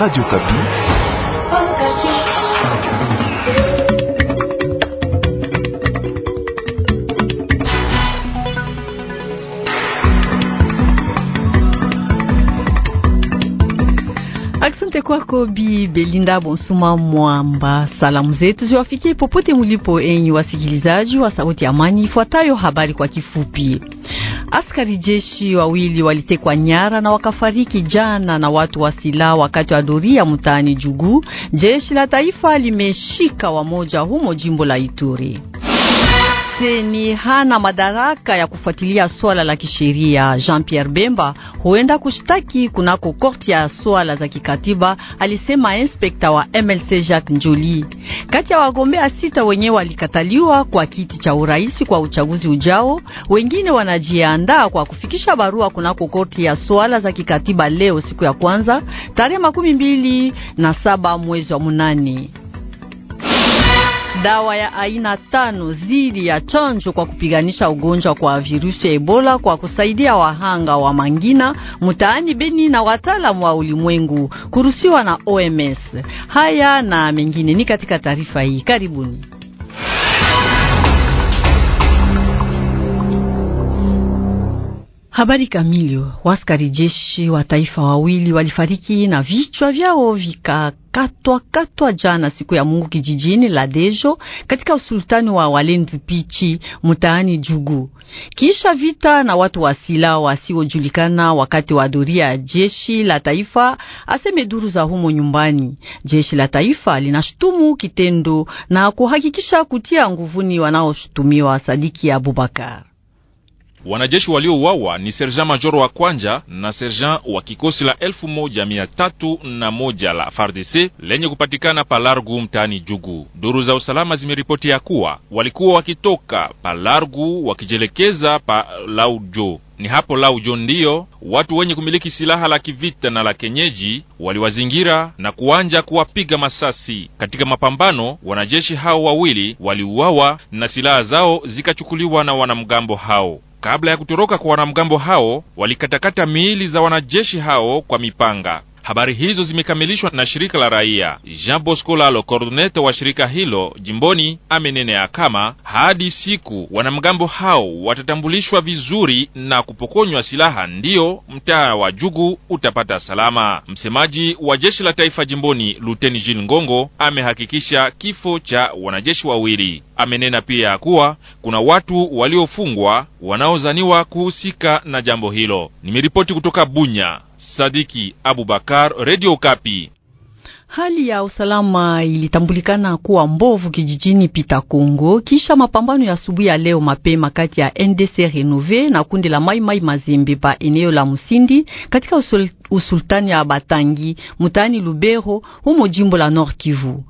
Radio Kapi. Asante kwako Bi Belinda Bonsuma Mwamba. Salamu zetu ziwafikie popote mulipo, enyi wasikilizaji wa Sauti ya Amani. Ifuatayo habari kwa kifupi. Askari jeshi wawili walitekwa nyara na wakafariki jana na watu wa silaha wakati wa doria mtaani Jugu. Jeshi la taifa limeshika wamoja humo jimbo la Ituri. Seni hana madaraka ya kufuatilia swala la kisheria. Jean Pierre Bemba huenda kushtaki kunako korti ya swala za kikatiba, alisema inspekta wa MLC Jacques Njoli. Kati ya wagombea sita wenye walikataliwa kwa kiti cha urais kwa uchaguzi ujao, wengine wanajiandaa kwa kufikisha barua kunako korti ya swala za kikatiba leo, siku ya kwanza tarehe makumi mbili na saba mwezi wa munane. Dawa ya aina tano zidi ya chanjo kwa kupiganisha ugonjwa kwa virusi ya Ebola kwa kusaidia wahanga wa mangina mtaani Beni na wataalamu wa ulimwengu kuruhusiwa na OMS. Haya na mengine ni katika taarifa hii. Karibuni. Habari kamili. Waskari jeshi wa taifa wawili walifariki na vichwa vyao vikakatwa katwa jana siku ya Mungu kijijini la Dejo katika usultani wa Walendu Pichi mtaani Jugu, kisha vita na watu wa silaha wasiojulikana wakati wa doria ya jeshi la taifa, aseme duru za humo nyumbani. Jeshi la taifa linashutumu kitendo na kuhakikisha kutia nguvuni wanaoshutumiwa Sadiki Abubakar. Wanajeshi waliouawa ni sergent major wa kwanja na sergent wa kikosi la elfu moja mia tatu na moja la FARDC lenye kupatikana Palargu mtaani Jugu. Duru za usalama zimeripoti ya kuwa walikuwa wakitoka Palargu wakijelekeza pa Laujo. Ni hapo Laujo ndiyo watu wenye kumiliki silaha la kivita na la kenyeji waliwazingira na kuanja kuwapiga masasi. Katika mapambano, wanajeshi hao wawili waliuawa na silaha zao zikachukuliwa na wanamgambo hao. Kabla ya kutoroka kwa wanamgambo hao, walikatakata miili za wanajeshi hao kwa mipanga. Habari hizo zimekamilishwa na shirika la raia. Jean Bosco Lalo, kordonete wa shirika hilo jimboni, amenenea kama hadi siku wanamgambo hao watatambulishwa vizuri na kupokonywa silaha, ndiyo mtaa wa Jugu utapata salama. Msemaji wa jeshi la taifa jimboni, Luteni Jean Ngongo, amehakikisha kifo cha wanajeshi wawili. Amenena pia kuwa kuna watu waliofungwa wanaozaniwa kuhusika na jambo hilo. Nimeripoti kutoka Bunya. Sadiki Abubakar, Radio Kapi. Hali ya usalama ilitambulikana kuwa mbovu kijijini Pita Kongo kisha mapambano ya asubuhi ya leo mapema kati ya NDC Renove na kundi la Mai Mai Mazembe pa eneo la Musindi katika usul, usultani ya Batangi mtaani Lubero humo jimbo la Nord Kivu.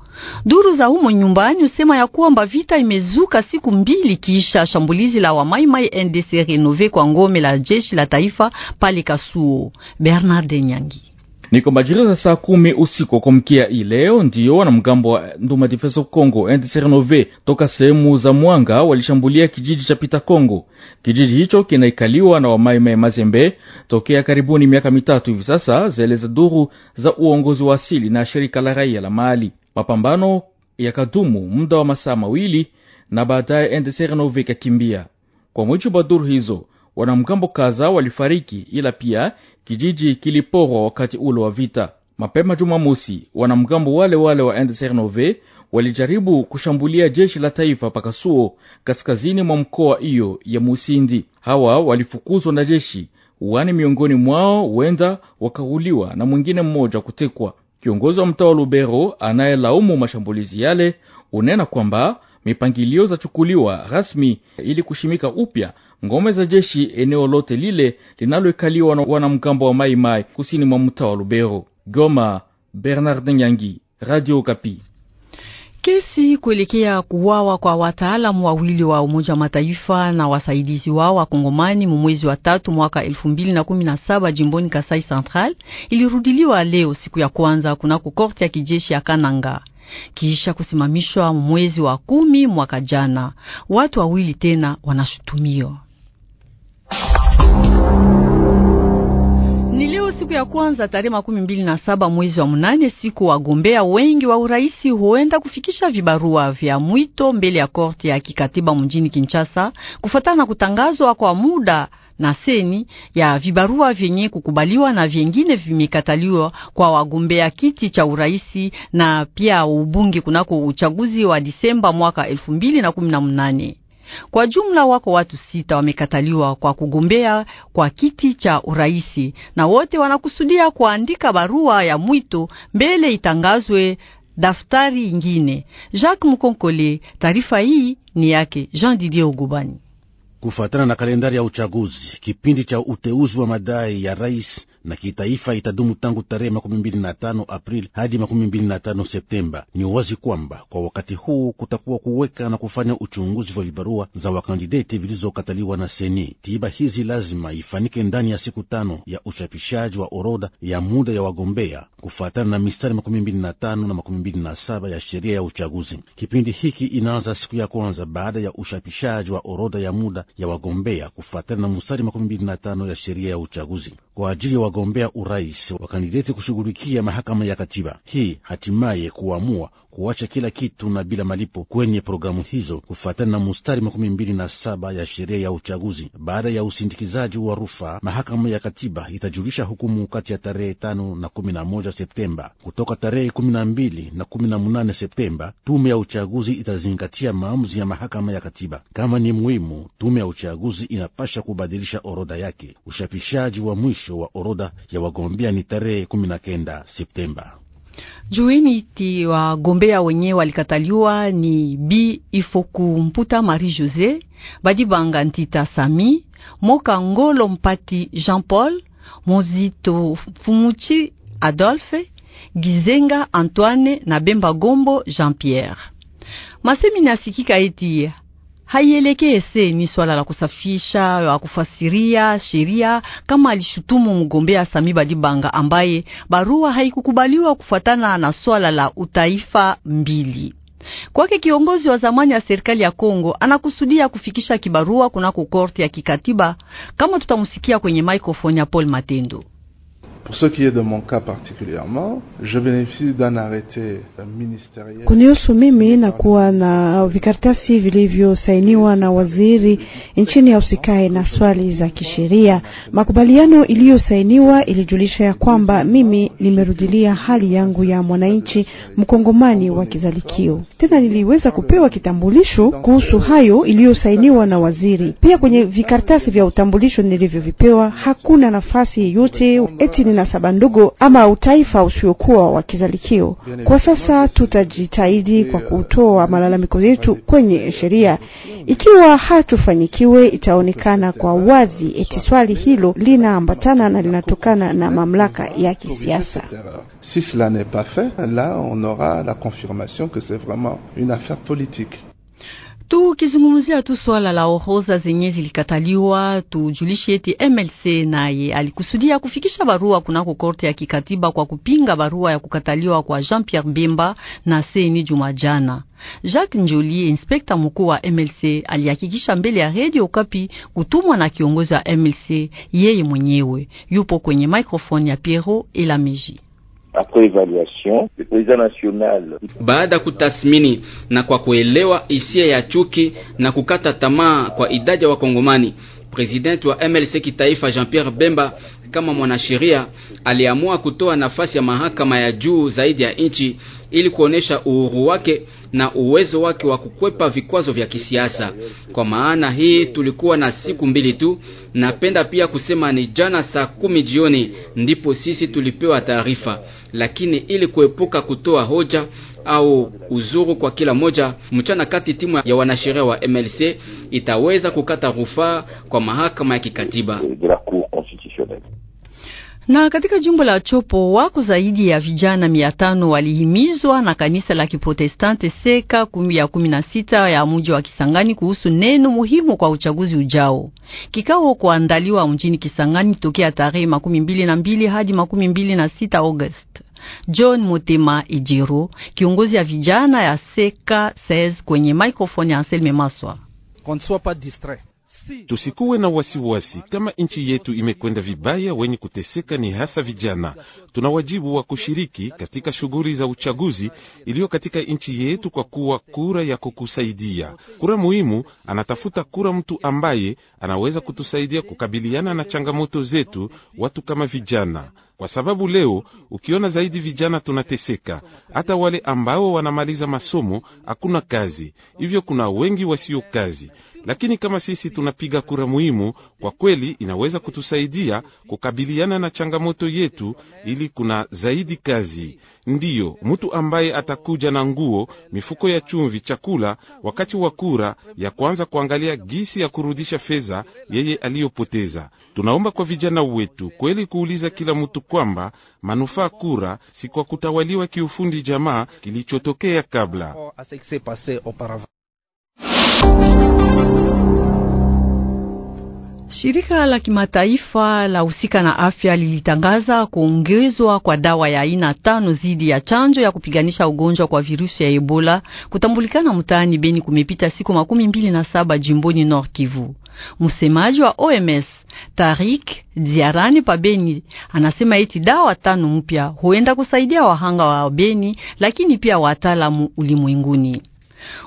Duru za humo nyumbani usema ya kwamba vita imezuka siku mbili kisha shambulizi la wa Mai Mai NDC Renove kwa ngome la jeshi la taifa pale Kasuo. Bernard Nyangi ni kwa majira za saa kumi usiku wa hii leo ndiyo wanamgambo wa Nduma Defense of Congo NDC Renove toka sehemu za Mwanga walishambulia kijiji cha Pita Congo. Kijiji hicho kinaikaliwa na Wamaimai Mazembe tokea karibuni miaka mitatu hivi sasa, zaeleza duru za uongozi wa asili na shirika la raia la mahali. Mapambano yakadumu muda wa masaa mawili na baadaye NDC Renove ikakimbia. Kwa mujibu wa duru hizo Wanamgambo kaza walifariki, ila pia kijiji kiliporwa wakati ule wa vita. Mapema Jumamosi, wanamgambo wale wale wa NDSRNOV walijaribu kushambulia jeshi la taifa Pakasuo, kaskazini mwa mkoa hiyo ya Musindi. Hawa walifukuzwa na jeshi wani, miongoni mwao wenda wakauliwa na mwingine mmoja kutekwa. Kiongozi wa mtaa wa Lubero anayelaumu mashambulizi yale unena kwamba mipangilio zachukuliwa rasmi ili kushimika upya ngome za jeshi eneo lote lile linaloikaliwa na wanamgambo wa maimai kusini mwa mtaa wa Lubero. Goma, Bernard Nyangi, Radio Kapi. Kesi kuelekea kuwawa kwa wataalamu wawili wa Umoja wa Mataifa na wasaidizi wao wa Kongomani mwezi wa tatu mwaka 2017 jimboni Kasai Central ilirudiliwa leo siku ya kwanza kunako korte ya kijeshi ya Kananga kisha kusimamishwa mwezi wa kumi mwaka jana. Watu wawili tena wanashutumiwa. Ni leo siku ya kwanza tarehe makumi mbili na saba mwezi wa mnane, siku wagombea wengi wa uraisi huenda kufikisha vibarua vya mwito mbele ya korti ya kikatiba mjini Kinshasa kufuatana na kutangazwa kwa muda na seni ya vibarua vyenye kukubaliwa na vyengine vimekataliwa kwa wagombea kiti cha uraisi na pia ubunge kunako uchaguzi wa Disemba mwaka 2018. Kwa jumla wako watu sita wamekataliwa kwa kugombea kwa kiti cha uraisi, na wote wanakusudia kuandika barua ya mwito mbele itangazwe daftari ingine. Jacques Mkonkole, taarifa hii ni yake Jean Didier Ogubani. Kufuatana na kalendari ya uchaguzi, kipindi cha uteuzi wa madai ya rais na kitaifa itadumu tangu tarehe makumi mbili na tano Aprili hadi makumi mbili na tano Septemba. Ni wazi kwamba kwa wakati huu kutakuwa kuweka na kufanya uchunguzi wa vibarua za wakandideti vilizokataliwa na seni. Tiba hizi lazima ifanike ndani ya siku tano ya uchapishaji wa orodha ya muda ya wagombea kufuatana na mistari makumi mbili na tano na makumi mbili na saba ya sheria ya uchaguzi. Kipindi hiki inaanza siku ya kwanza baada ya uchapishaji wa orodha ya muda ya wagombea kufuatana na mstari makumi mbili na tano ya sheria ya uchaguzi kwa ajili ya wagombea urais wa kandideti kushughulikia mahakama ya katiba hii hatimaye kuamua kuacha kila kitu na bila malipo kwenye programu hizo kufuatana na mustari makumi mbili na saba ya sheria ya uchaguzi. Baada ya usindikizaji wa rufaa, mahakama ya katiba itajulisha hukumu kati ya tarehe tano na kumi na moja Septemba. Kutoka tarehe kumi na mbili na kumi na munane Septemba, tume ya uchaguzi itazingatia maamuzi ya mahakama ya katiba. Kama ni muhimu, tume ya uchaguzi inapasha kubadilisha orodha yake. ushapishaji wa mwisho wa orodha ya wagombea ni tarehe kumi na kenda Septemba juini ti iti wagombea wenye walikataliwa ni Bi Ifoku Mputa Marie josé Badibanga Ntita Sami, Moka Ngolo Mpati Jean Paul, Mozito Fumuchi Adolphe, Gizenga Antoine na Bemba Gombo Jean Pierre. Masemi nasikika eti haielekese ni swala la kusafisha kufasiria sheria, kama alishutumu mgombea Sami Badibanga ambaye barua haikukubaliwa kufuatana na swala la utaifa mbili kwake. Kiongozi wa zamani ya serikali ya Kongo anakusudia kufikisha kibarua kunako korte ya kikatiba, kama tutamsikia kwenye maikrofoni ya Paul Matendo. Pour ce qui est de mon cas particulièrement, je bénéficie d'un arrêté euh, ministériel. Kunihusu mimi na kuwa na vikaratasi vilivyosainiwa na waziri nchini ausikae na swali za kisheria. Makubaliano iliyosainiwa ilijulisha ya kwamba mimi nimerudilia hali yangu ya mwananchi mkongomani wa kizalikio. Tena niliweza kupewa kitambulisho kuhusu hayo iliyosainiwa na waziri. Pia kwenye vikaratasi vya utambulisho nilivyovipewa hakuna nafasi yote eti na saba ndugu ama utaifa usiokuwa wa kizalikio. Kwa sasa tutajitahidi kwa kutoa malalamiko yetu kwenye sheria. Ikiwa hatufanyikiwe, itaonekana kwa wazi eti swali hilo linaambatana na linatokana na mamlaka ya kisiasa. Si cela n'est pas fait, là on aura la confirmation que c'est vraiment une affaire politique. Tukizungumzia tu swala la orodha zenye zilikataliwa, tujulishe eti MLC naye alikusudia kufikisha barua kunako korte ya kikatiba kwa kupinga barua ya kukataliwa kwa Jean Pierre Bemba na Seni Juma jana. Jacques Njoli, inspekta mkuu wa MLC, alihakikisha mbele ya Radio Okapi kutumwa na kiongozi wa MLC yeye mwenyewe. Yupo kwenye microphone ya Piero Elamiji. Baada ya kutathmini na kwa kuelewa hisia ya chuki na kukata tamaa kwa idadi ya Wakongomani, President wa MLC kitaifa Jean-Pierre Bemba kama mwanasheria aliamua kutoa nafasi ya mahakama ya juu zaidi ya nchi ili kuonesha uhuru wake na uwezo wake wa kukwepa vikwazo vya kisiasa. Kwa maana hii tulikuwa na siku mbili tu. Napenda pia kusema ni jana saa kumi jioni ndipo sisi tulipewa taarifa, lakini ili kuepuka kutoa hoja au uzuru kwa kila moja, mchana kati timu ya wanasheria wa MLC itaweza kukata rufaa kwa mahakama ya kikatiba. Na katika jimbo la Chopo wako zaidi ya vijana mia tano walihimizwa na kanisa la Kiprotestante seka kumi ya kumi na sita ya muji wa Kisangani kuhusu neno muhimu kwa uchaguzi ujao. Kikao kuandaliwa mjini Kisangani tokea tarehe makumi mbili na mbili hadi makumi mbili na sita Agosti. John Motema Ijiro, kiongozi ya vijana ya seka says kwenye microphone ya Anselme Maswa. Tusikuwe na wasiwasi wasi. Kama nchi yetu imekwenda vibaya, wenye kuteseka ni hasa vijana. Tuna wajibu wa kushiriki katika shughuli za uchaguzi iliyo katika nchi yetu, kwa kuwa kura ya kukusaidia kura muhimu. Anatafuta kura mtu ambaye anaweza kutusaidia kukabiliana na changamoto zetu, watu kama vijana, kwa sababu leo ukiona zaidi vijana tunateseka, hata wale ambao wanamaliza masomo hakuna kazi, hivyo kuna wengi wasio kazi lakini kama sisi tunapiga kura muhimu, kwa kweli inaweza kutusaidia kukabiliana na changamoto yetu, ili kuna zaidi kazi. Ndiyo, mtu ambaye atakuja na nguo, mifuko ya chumvi, chakula, wakati wa kura ya kwanza kuangalia gisi ya kurudisha fedha yeye aliyopoteza. Tunaomba kwa vijana wetu kweli kuuliza kila mtu kwamba manufaa kura si kwa kutawaliwa kiufundi jamaa kilichotokea kabla. Shirika la kimataifa la husika na afya lilitangaza kuongezwa kwa dawa ya aina tano zidi ya chanjo ya kupiganisha ugonjwa kwa virusi ya Ebola kutambulikana mtaani Beni. Kumepita siku makumi mbili na saba jimboni Nord Kivu. Msemaji wa OMS Tarik Ziarani pa Beni anasema eti dawa tano mpya huenda kusaidia wahanga wa Beni, lakini pia wataalamu ulimwenguni.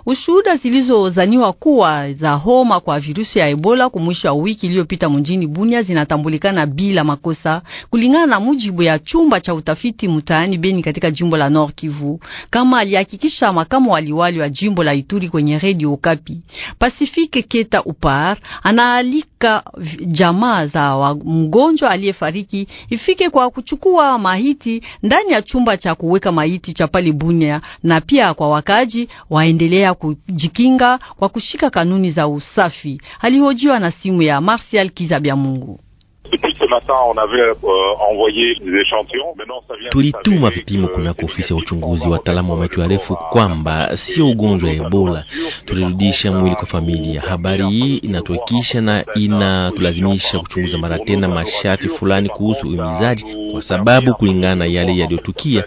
Ushuhuda zilizozaniwa kuwa za homa kwa virusi ya Ebola kumwisho wa wiki iliyopita mjini Bunia zinatambulikana bila makosa, kulingana na mujibu ya chumba cha utafiti mtaani Beni katika jimbo la Nord Kivu, kama alihakikisha makamu waliwali wa jimbo la Ituri kwenye redio Okapi. Pacifique Keta Upar anaalika jamaa za mgonjwa aliyefariki ifike kwa kuchukua mahiti ndani ya chumba cha kuweka mahiti cha pale Bunia na pia kwa wakaji waende kuendelea kujikinga kwa kushika kanuni za usafi. Alihojiwa na simu ya Martial Kizabya Mungu. Tulituma vipimo kunako ofisi ya uchunguzi wataalamu wa macho yarefu kwamba sio ugonjwa wa Ebola. Tulirudisha mwili kwa familia. Habari hii inatuhakikisha na inatulazimisha kuchunguza mara tena masharti fulani kuhusu uimizaji kwa sababu kulingana na yale yaliyotukia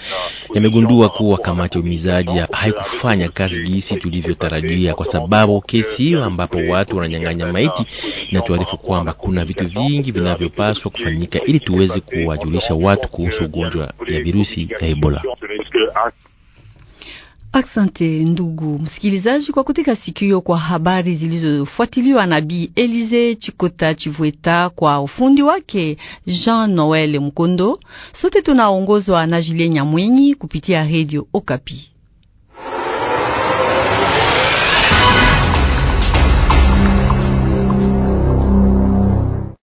yamegundua kuwa kamati ya umizaji haikufanya kazi jinsi tulivyotarajia, kwa sababu kesi hiyo ambapo watu wananyang'anya maiti inatuarifu kwamba kuna vitu vingi vinavyopaswa kufanyika ili tuweze kuwajulisha watu kuhusu ugonjwa ya virusi ya Ebola. Asante ndugu msikilizaji, kwa kutika sikio kwa habari zilizofuatiliwa na Bi Elize Chikota Chivweta kwa ufundi wake Jean Noel Mkondo. Sote tunaongozwa na Julien Nyamwenyi kupitia Radio Okapi.